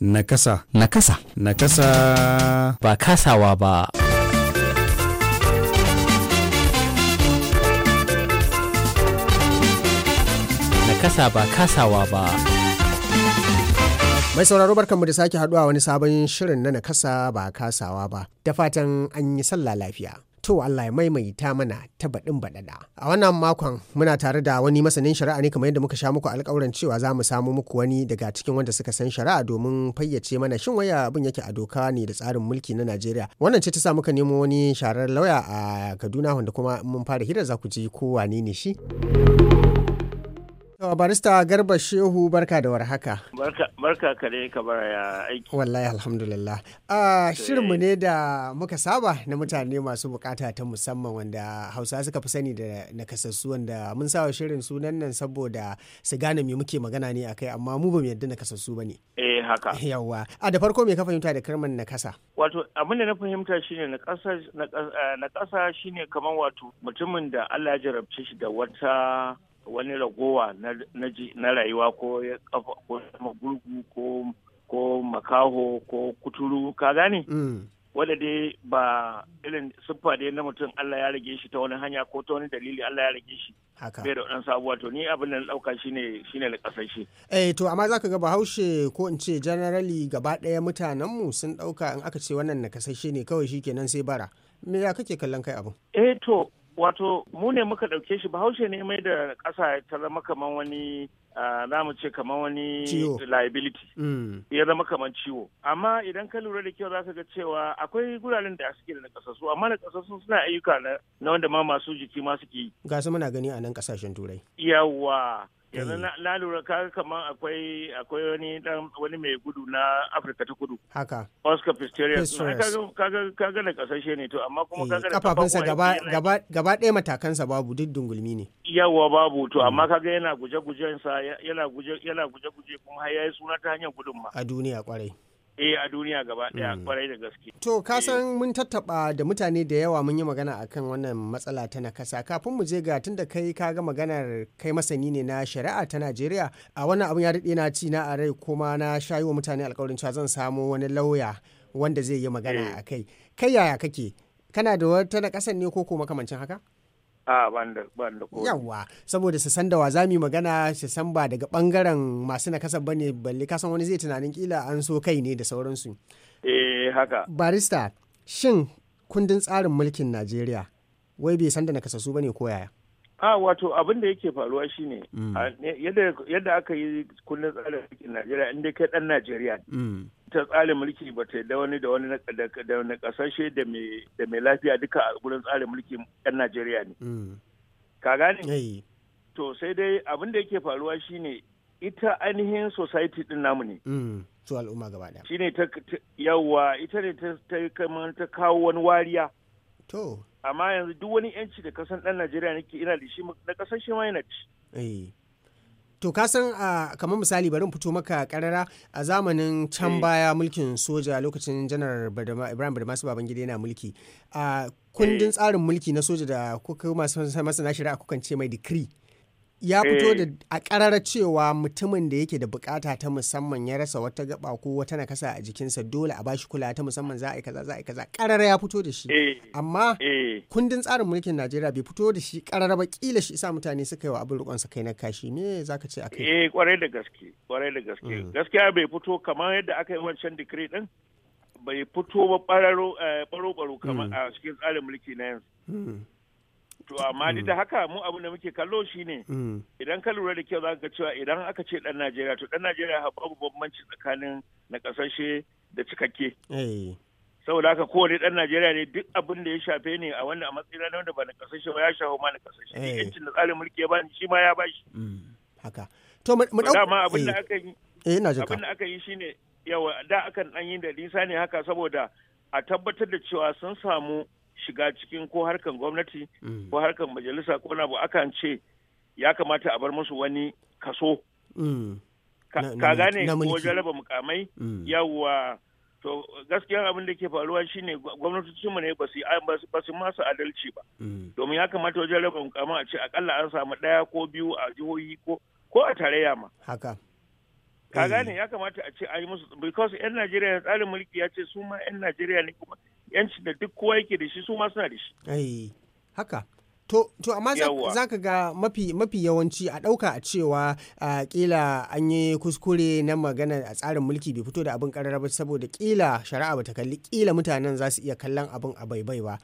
Nakasa. Nakasa. Nakasa. Ba kasawa ba. Nakasa ba kasawa ba. Mai sauraro barkanmu da sake haduwa wani sabon shirin na nakasa ba kasawa ba, da fatan an yi sallah lafiya. to Allah ya maimaita mana ta baɗin baɗaɗa. A wannan makon muna tare da wani masanin shari'a ne kamar yadda muka sha muku alƙawarin cewa za mu samu muku wani daga cikin wanda suka san shari'a domin fayyace mana shin waya abin yake a doka ne da tsarin mulki na Najeriya. Wannan ce ta sa muka nemo wani sharar lauya a Kaduna wanda kuma mun fara hira za ku ji ko wane ne shi. Yawa barista Garba Shehu barka da haka. Barka ka dai kamar ya aiki. Wallahi alhamdulillah. Uh, shirinmu eh. ne da muka saba na mutane masu bukata ta musamman wanda Hausa suka fi sani da nakasassu wanda mun sawa shirin sunan nan saboda su gane me muke magana ne akai amma mu bamu mu yadda nakasassu bane. Eh haka. Yawa. A da farko me ka fahimta da kalmar nakasa? Wato abin da na fahimta shine nakasa eh, nakasa shine kamar wato mutumin da Allah ya jarabce shi da wata wani ragowa na rayuwa ko ya kafa ko magurgu ko ko makaho ko kuturu ka gane mm. wanda dai ba irin siffa dai na mutum Allah ya rage shi ta wani hanya ko ta wani dalili Allah ya rage shi bai da wadansu sabuwa to ni abin da na dauka shine shine na kasashe eh to amma zaka ga Bahaushe ko in ce generally gaba daya mutanen mu sun dauka in aka ce wannan na kasashe ne kawai shikenan sai bara me ya kake kallon kai abu? eh to wato mu ne muka ɗauke shi bahaushe ne mai da ƙasa ta zama kaman wani za mu ce kaman wani liability mm. ya zama kamar ciwo amma idan ka lura da kyau za ka ga cewa akwai guraren da suke da nakasassu amma nakasassu suna ayyuka na wanda ma masu jiki ma suke yi ga muna gani a nan kasashen turai yawa yanzu eh. na lura kaga kamar akwai akwai wani dan wani mai gudu na Afirka ta Kudu haka Oscar Pistorius kaga kaga na kasashe ne to amma kuma eh, kaga kafafunsa gaba gaba gaba ɗaya matakansa babu duk dungulmi ne yawa babu to amma hmm. kaga yana guje-gujen sa yana guje yana guje-guje kuma har yayi suna ta hanyar gudun ma a duniya kwarai Eh, a duniya gaba daya hmm. kwarai da gaske to ka eh. mun tattaba da mutane da yawa mun yi magana akan wannan matsala ta nakasa kafin mu je ga tunda kai ka ga maganar kai masani ne na shari'a ta Najeriya a wannan abun ya daɗe na ci na a rai kuma na shayi wa mutane alƙawarin cewa zan samo wani lauya wanda zai yi magana eh. a kai kai yaya kake kana da wata na ne ko ko makamancin haka a banda banda ko Yawwa, saboda su san da wa magana su san ba daga bangaren masu nakasa bane balle ka san wani zai tunanin kila an so kai ne da sauransu eh haka barista shin kundin tsarin mulkin Najeriya wai bai san da nakasassu bane ko yaya a wato abin da yake faruwa shine mm. yadda aka yi kundin tsarin mulkin Najeriya inda kai dan Najeriya ta tsarin mulki ba ta da wani da wani na kasashe da mai lafiya duka a gurin tsarin mulki yan najeriya ne mm. ka gane to sai dai abin da yake faruwa shine ita ainihin society din namu ne mm. su al'umma gaba daya shine ta yawa ita ne ta kama ta kawo wani wariya to amma yanzu duk wani yanci da kasan dan najeriya nake ina da shi na kasashe ma yana ci to ka san uh, kamar misali bari fito maka karara a zamanin can eh. baya mulkin soja lokacin janar ibrahim baban babangida yana mulki a kundin eh. tsarin mulki na soja da kuka masu masana shari'a kukan ce mai dikri ya fito eh. da a karara cewa mutumin da yake da bukata ta musamman ya rasa wata gaba ko wata nakasa a jikinsa dole a bashi kula ta musamman za a yi kaza za a yi kaza karara ya fito da shi eh. amma eh. kundin tsarin mulkin Najeriya bai fito da shi karara ba kila shi isa mutane suka yi wa abin rukonsa kai na kashi za zaka ce akai eh kwarai da gaske kwarai da gaske mm. gaskiya bai fito kamar yadda aka yi wancan decree din bai fito ba baro baro kamar mm. a cikin tsarin mulki na yanzu mm. to amma duk da haka mu abin da muke kallo shine mm. idan ka lura da kyau za ka cewa idan aka ce dan najeriya to dan najeriya babu bambanci tsakanin na kasashe da cikakke eh. saboda haka ko ne dan najeriya ne duk abin da ya shafe ne a wannan a matsayin na wanda ba na kasashe ba ya shafa ma na kasashe yancin eh. da tsarin mulki ya bani shi ma ya bashi mm. haka to mu dau dama abin da eh. aka yi eh na jaka abin da aka yi shine yawa da akan dan yi da lisa ne haka saboda a tabbatar da cewa sun samu shiga cikin ko harkan gwamnati mm. ko harkan majalisa ko na akan ce ya kamata a bar musu wani kaso mm. ka gane ko jaraba mukamai mm. yawwa to gaskiyan abin da ke faruwa shine gwamnatocinmu ne ba su masu adalci ba domin ya kamata wajen raba mukamai a ce akalla an samu ɗaya ko biyu a jihohi ko ko a tarayya ma haka ka eh. gane ya kamata a ce an yi musu because yan najeriya tsarin mulki ya ce su ma yan najeriya ne kuma yanci da duk kowa yake da shi su ma suna da shi ai haka To, amma za ka ga mafi, yawanci a ɗauka a cewa a ƙila an yi kuskure na magana a tsarin mulki bai fito da abin ƙarar ba saboda ƙila shari'a ba ta kalli ƙila mutanen za su iya kallon abin a baibai ba.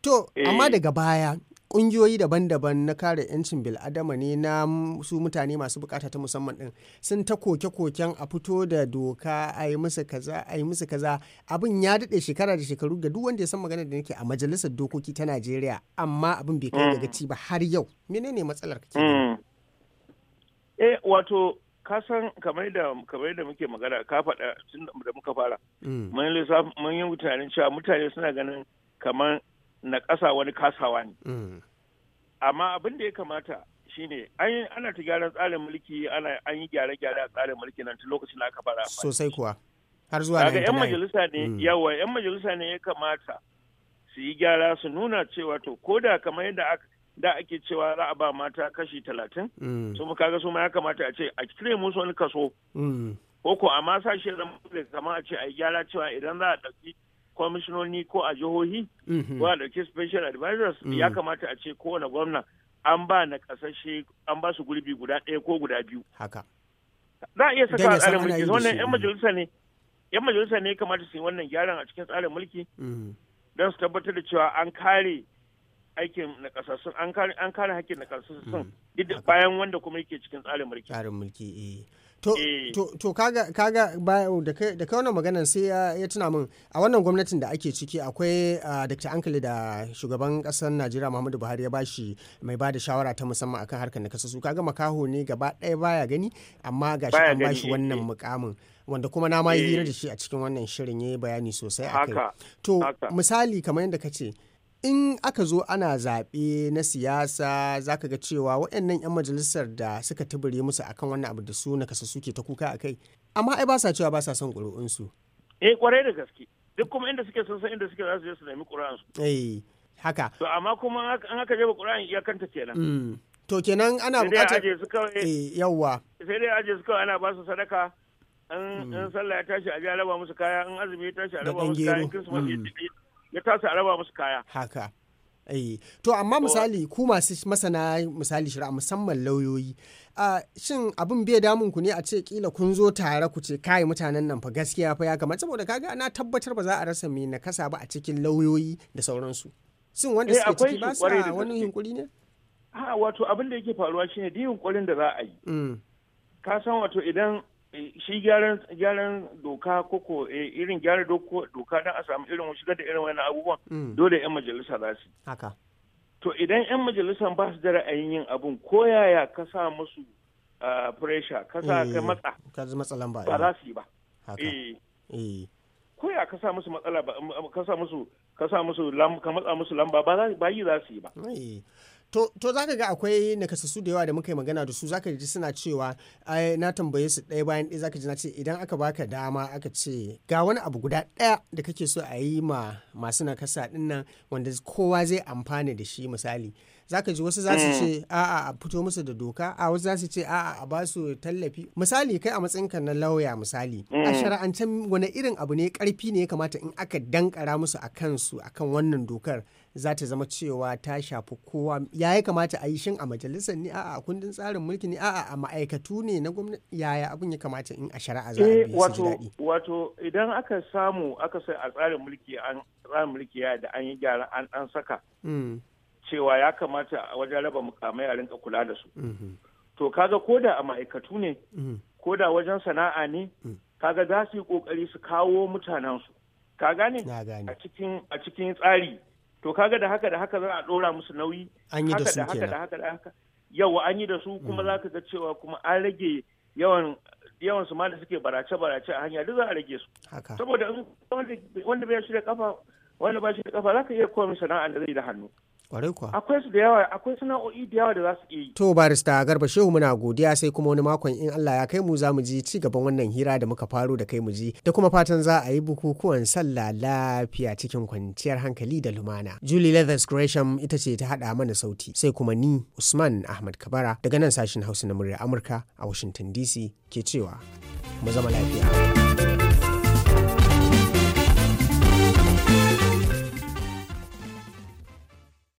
To, amma eh. daga baya kungiyoyi daban-daban na kare 'yancin bil'adama ne na su mutane masu bukata ta musamman din sun ta koke-koken a fito da doka a yi musu kaza a yi musu kaza abin ya daɗe shekara da shekaru ga duk wanda ya san magana da nake a majalisar dokoki ta najeriya amma abin bai kai daga mm. ci ba har yau menene matsalar kake mm. eh wato ka san kamar da kamar da muke magana ka faɗa tun da muka fara mm. mun yi mutane cewa mutane suna ganin kamar na ƙasa wani kasawa ne mm. amma abin da ya kamata shine an ana ta gyaran tsarin mulki ana an yi gyare-gyare a tsarin mulki nan tun lokacin da aka fara sosai kuwa har zuwa daga yan majalisa ne mm. yawa yan majalisa ne ya kamata su yi gyara su nuna cewa to ko da kamar yadda da ake cewa za a ba mata kashi talatin mm. su mu kaga su ma ya kamata a ce a cire musu wani kaso ko ko a ma zama a ce a yi gyara cewa idan za a ɗauki kwamishinoni ko a jihohi mhm. ko a dauke special advisors mm. ya kamata a ce kowane gwamna an ba na kasashe an ba su gurbi guda ɗaya ko guda biyu haka za a iya saka a tsarin mulki wannan yan majalisa ne yan majalisa ne kamata su yi wannan gyaran a cikin tsarin mulki mm. don su tabbatar da cewa an kare aikin na kasassun an kare hakkin na kasassun mm. duk bayan wanda kuma yake cikin tsarin mulki tsarin mulki eh To, eh. to, to kaga, kaga da kai wannan maganan sai ya tuna min a wannan gwamnatin da ake ciki akwai Dr. Ankali da shugaban kasar Najeriya Muhammadu Buhari ya bashi mai ba da shawara ta musamman akan harkar nakasassu kaga makaho ne gaba ɗaya baya gani amma ga shi an bashi wannan eh. mukamin. wanda kuma na ma yi hira eh. da shi a cikin wannan shirin ya yi bayani sosai a kai. To misali kamar yadda ka ce in aka zo ana zaɓe na siyasa za ka ga cewa waɗannan 'yan majalisar da suka tubure musu akan wannan abu da su na kasa suke ta kuka a kai amma ai ba sa cewa ba sa son ƙuri'unsu. eh kwarai da gaske duk kuma inda suke son san inda suke za su je su nemi ƙuri'unsu. eh haka. to amma kuma an aka jefa ƙuri'un iyakanta kenan. Mm. to kenan ana buƙatar eh yawwa. sai dai aje eh, su kawai ana ba su sadaka. in mm. sallah ya tashi a ji a raba musu kaya in azumi ya tashi a raba musu kaya in kirsimasi ya kasa a raba musu kaya haka Eh, to amma misali ku masu masana misali shari'a musamman lauyoyi uh, shin abin bai damun ku ne a ce kila kun zo tare ku ce kai mutanen nan fa gaskiya fa ya kamar saboda kaga na tabbatar ba za a rasa mai nakasa ba a cikin lauyoyi da sauransu shin wanda eh, suke ciki ba su wani yunkuri ne ha wato abin da yake faruwa shine duk yunkurin da za a yi mm. ka san wato idan Eh, shi gyaran doka koko eh, irin gyara doka don a samu irin shigar da irin wani abubuwan mm. dole 'yan majalisa za su haka to idan 'yan majalisan ba su da ra'ayin yin abun ko yaya ka sa musu ah, pressure ka sa ka eh, matsa ka matsa lamba ba za su yi ba ko ya ka sa musu matsala ba ka sa musu ka sa musu ka matsa musu lamba ba yi za su yi ba to, to za ka ga akwai nakasassu da yawa da muka yi magana da su za ka ji suna cewa ai na tambaye su ɗaya bayan ɗaya za ka ji na ce idan aka baka dama aka ce ga wani abu guda ɗaya da kake so a yi ma masu nakasa ɗin nan wanda kowa zai amfana da shi misali za ka ji wasu za su ce mm. a'a a fito musu da doka a wasu za su ce a'a a ba su tallafi misali kai a matsayinka na lauya misali a mm. shara'ancen wani irin abu ne karfi ne ya kamata in aka dankara musu a kansu akan wannan dokar za ta zama cewa ta shafi kowa ya ya kamata a yi shin a majalisar ne a'a a kundin tsarin mulki ne a'a a ma'aikatu ne na gwamnati yaya abin ya kamata in a shari'a za a eh, wato wato idan aka samu aka sai a tsarin mulki an tsarin mulki ya da an yi gyara an an saka mm. cewa ya kamata a wajen raba mukamai a rinka kula da su mm-hmm. to kaga koda a ma'aikatu ne mm-hmm. koda wajen sana'a ne mm. kaga za su yi kokari su kawo mutanensu ka gane a cikin tsari to kaga da haka da haka za a ɗora musu nauyi an yi da su haka da haka da haka yau an yi da su kuma mm. za ka ga cewa kuma an rage yawan yawan su da suke barace barace a hanya duk za a rage su saboda wanda bai shi da kafa wanda ba shi da kafa za ka iya komai sana'a da zai da hannu Akwai su da yawa, akwai sana'o'i da yawa da za su iya yi. To barista Garba Shehu muna godiya sai kuma wani makon in Allah ya kai mu za mu ji ci gaban wannan hira da muka faro da kai mu ji da kuma fatan za a yi bukukuwan sallah lafiya cikin kwanciyar hankali da lumana. Julie Leathers Gresham ita ce ta haɗa mana sauti sai kuma ni Usman Ahmad Kabara daga nan sashin Hausa na muryar Amurka a Washington DC ke cewa mu zama lafiya.